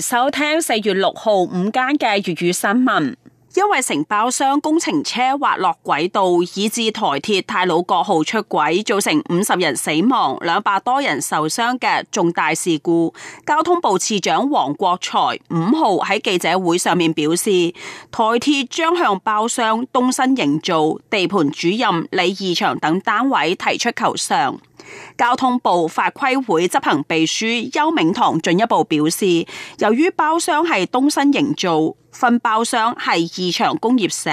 收聽四月六號午間嘅粵語新聞，因為承包商工程車滑落軌道，以致台鐵太魯閣號出軌，造成五十人死亡、兩百多人受傷嘅重大事故。交通部次長王國材五號喺記者會上面表示，台鐵將向包商東新營造、地盤主任李義祥等單位提出求償。交通部法規會執行秘書邱銘堂進一步表示，由於包商係東新營造。分包商係義祥工業社，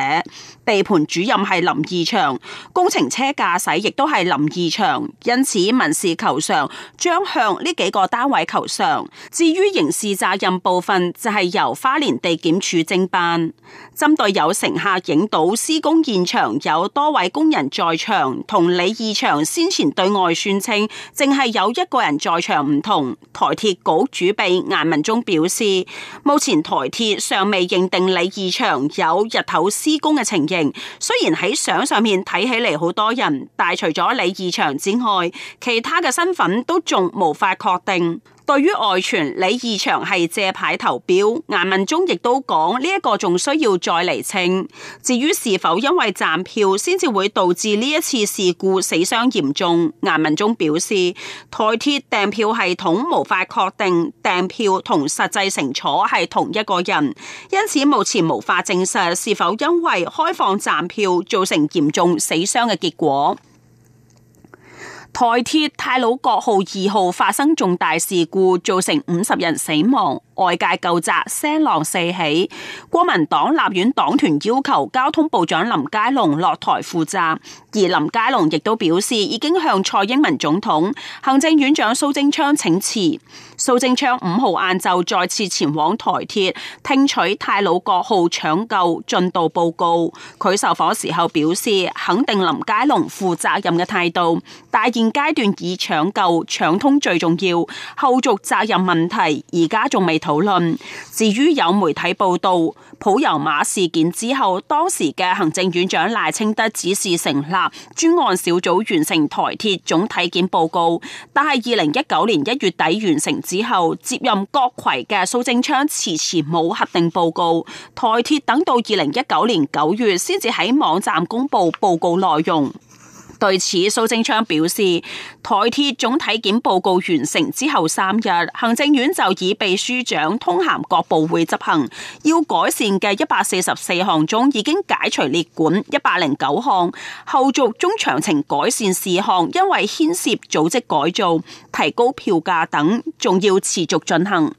地盤主任係林義祥，工程車駕駛亦都係林義祥，因此民事求償將向呢幾個單位求償。至於刑事責任部分，就係由花蓮地檢署偵辦。針對有乘客影到施工現場有多位工人在場，同李義祥先前對外宣稱淨係有一個人在場唔同。台鐵局主秘顏文忠表示，目前台鐵尚未。認定李義祥有日頭施工嘅情形，雖然喺相上面睇起嚟，好多人，但除咗李義祥之外，其他嘅身份都仲無法確定。對於外傳李義祥係借牌投標，顏文忠亦都講呢一個仲需要再釐清。至於是否因為站票先至會導致呢一次事故死傷嚴重，顏文忠表示台鐵訂票系統無法確定訂票同實際乘坐係同一個人，因此目前無法證實是否因為開放站票造成嚴重死傷嘅結果。台鐵太魯閣號二號發生重大事故，造成五十人死亡。外界究責聲浪四起，國民黨立院黨團要求交通部長林佳龍落台負責，而林佳龍亦都表示已經向蔡英文總統、行政院長蘇貞昌請辭。蘇貞昌五號晏晝再次前往台鐵聽取太魯閣號搶救進度報告，佢受訪時候表示肯定林佳龍負責任嘅態度，但現階段以搶救搶通最重要，後續責任問題而家仲未討討論。至於有媒體報道，普悠瑪事件之後，當時嘅行政院長賴清德指示成立專案小組完成台鐵總體檢報告，但係二零一九年一月底完成之後，接任閣揆嘅蘇貞昌遲遲冇核定報告，台鐵等到二零一九年九月先至喺網站公布報告內容。對此，蘇貞昌表示，台鐵總體檢報告完成之後三日，行政院就以秘書長通函各部會執行。要改善嘅一百四十四項中，已經解除列管一百零九項。後續中長程改善事項，因為牽涉組織改造、提高票價等，仲要持續進行。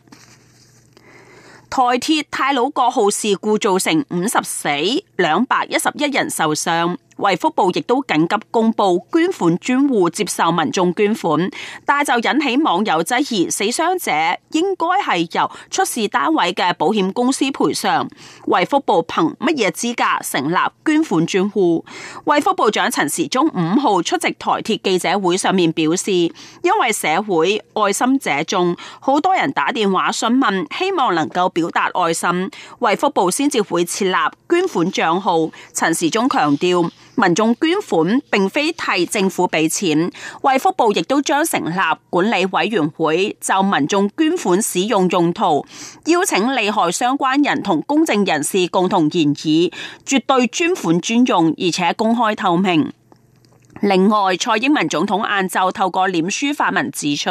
台鐵太魯閣號事故造成五十死兩百一十一人受傷。衛福部亦都緊急公布捐款專戶，接受民眾捐款，但就引起網友質疑：死傷者應該係由出事單位嘅保險公司賠償。衛福部憑乜嘢資格成立捐款專戶？衛福部長陳時中五號出席台鐵記者會上面表示：因為社會愛心者眾，好多人打電話詢問，希望能夠表達愛心，衛福部先至會設立捐款賬號。陳時中強調。民眾捐款並非替政府俾錢，衛福部亦都將成立管理委員會，就民眾捐款使用用途，邀請利害相關人同公正人士共同研議，絕對專款專用而且公開透明。另外，蔡英文總統晏晝透過臉書發文指出，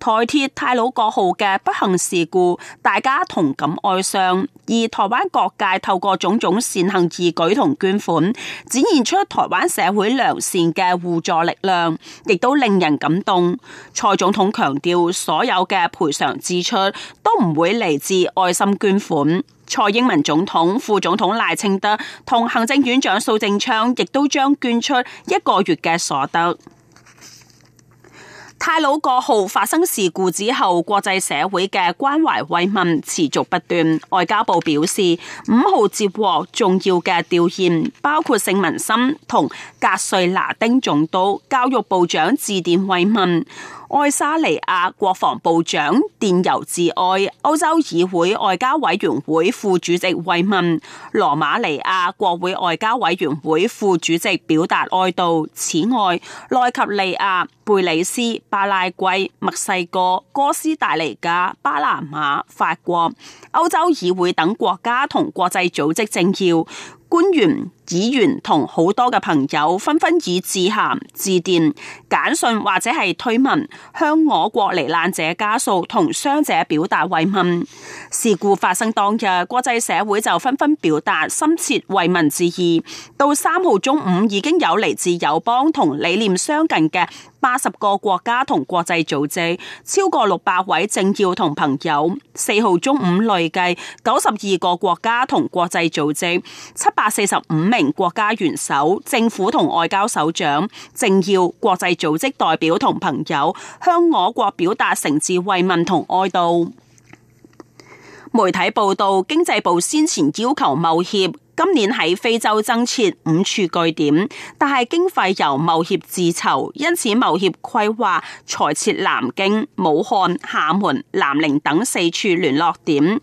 台鐵太魯閣號嘅不幸事故，大家同感哀傷，而台灣各界透過種種善行義舉同捐款，展現出台灣社會良善嘅互助力量，亦都令人感動。蔡總統強調，所有嘅賠償支出都唔會嚟自愛心捐款。蔡英文總統、副總統賴清德同行政院長蘇貞昌亦都將捐出一個月嘅所得。太魯閣號發生事故之後，國際社會嘅關懷慰問持續不斷。外交部表示，五號接獲重要嘅吊唁，包括聖文森同格瑞拿丁總督、教育部長致電慰問。愛沙尼亞國防部長電郵致哀，歐洲議會外交委員會副主席慰問，羅馬尼亞國會外交委員會副主席表達哀悼。此外，內及利亞、貝里斯、巴拉圭、墨西哥、哥斯大黎加、巴拿馬、法國、歐洲議會等國家同國際組織政要官員。議員同好多嘅朋友紛紛以致函、致電、簡訊或者係推文，向我國罹難者家屬同傷者表達慰問。事故發生當日，國際社會就紛紛表達深切慰問之意。到三號中午，已經有嚟自友邦同理念相近嘅八十個國家同國際組織，超過六百位政要同朋友。四號中午，累計九十二個國家同國際組織，七百四十五，名國家元首、政府同外交首長、政要、國際組織代表同朋友，向我國表達誠摯慰問同哀悼。媒體報道，經濟部先前要求貿協今年喺非洲增設五處據點，但係經費由貿協自籌，因此貿協規劃裁撤南京、武漢、廈門、南寧等四處聯絡點。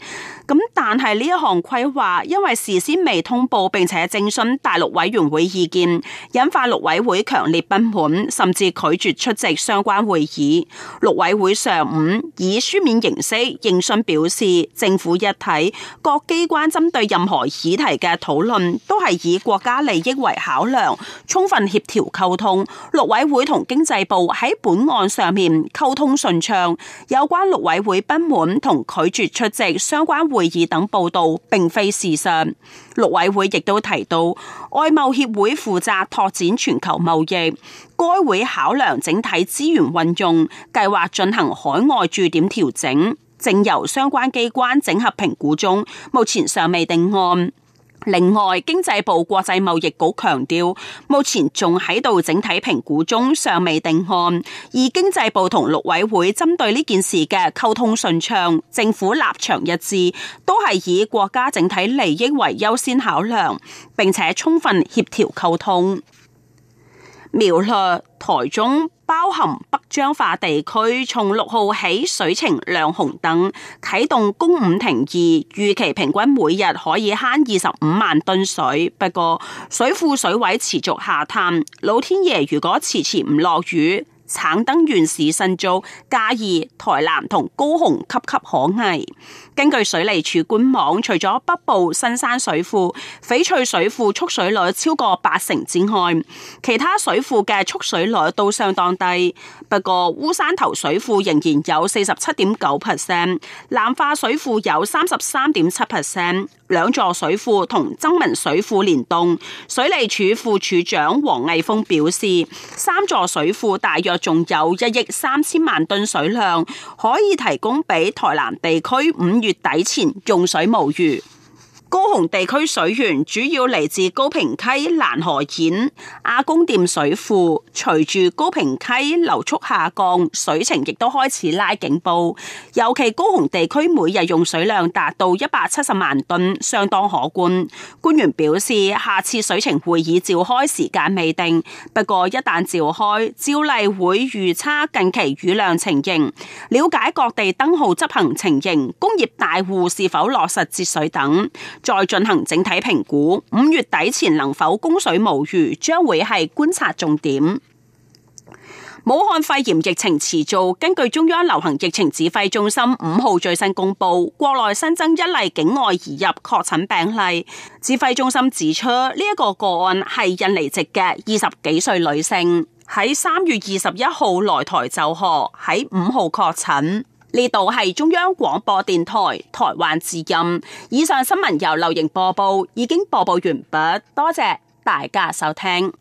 咁但係呢一項規劃，因為事先未通報並且徵詢大陸委員會意見，引發陸委會強烈不滿，甚至拒絕出席相關會議。陸委會上午以書面形式應訊表示，政府一體各機關針對任何議題嘅討論，都係以國家利益為考量，充分協調溝通。陸委會同經濟部喺本案上面溝通順暢，有關陸委會不滿同拒絕出席相關會議。會議等報道並非事實。陸委會亦都提到，外貿協會負責拓展全球貿易，該會考量整體資源運用，計劃進行海外駐點調整，正由相關機關整合評估中，目前尚未定案。另外，經濟部國際貿易局強調，目前仲喺度整體評估中，尚未定案。而經濟部同陸委會針對呢件事嘅溝通順暢，政府立場一致，都係以國家整體利益為優先考量，並且充分協調溝通。苗栗、台中，包含北彰化地區，從六號起水情亮紅燈，啟動供五停二，預期平均每日可以慳二十五萬噸水。不過水庫水位持續下探，老天爺如果遲遲唔落雨，橙燈原始新竹、嘉義、台南同高雄岌岌可危。根據水利署官網，除咗北部新山水庫、翡翠水庫蓄水率超過八成之外，其他水庫嘅蓄水率都相當低。不過烏山頭水庫仍然有四十七點九 percent，南化水庫有三十三點七 percent，兩座水庫同曾文水庫連動。水利署副署長黃毅峰表示，三座水庫大約仲有一億三千萬噸水量，可以提供俾台南地區五月。月底前用水無虞。高雄地區水源主要嚟自高屏溪攔河堰、阿公店水庫。隨住高屏溪流速下降，水情亦都開始拉警報。尤其高雄地區每日用水量達到一百七十萬噸，相當可觀。官員表示，下次水情會議召開時間未定，不過一旦召開，照例會預測近期雨量情形，了解各地燈號執行情形、工業大戶是否落實節水等。再進行整體評估，五月底前能否供水無虞，將會係觀察重點。武漢肺炎疫情持續，根據中央流行疫情指揮中心五號最新公佈，國內新增一例境外移入確診病例。指揮中心指出，呢一個個案係印尼籍嘅二十幾歲女性，喺三月二十一號來台就學，喺五號確診。呢度係中央廣播電台台灣之音，以上新聞由劉瑩播報，已經播報完畢，多謝大家收聽。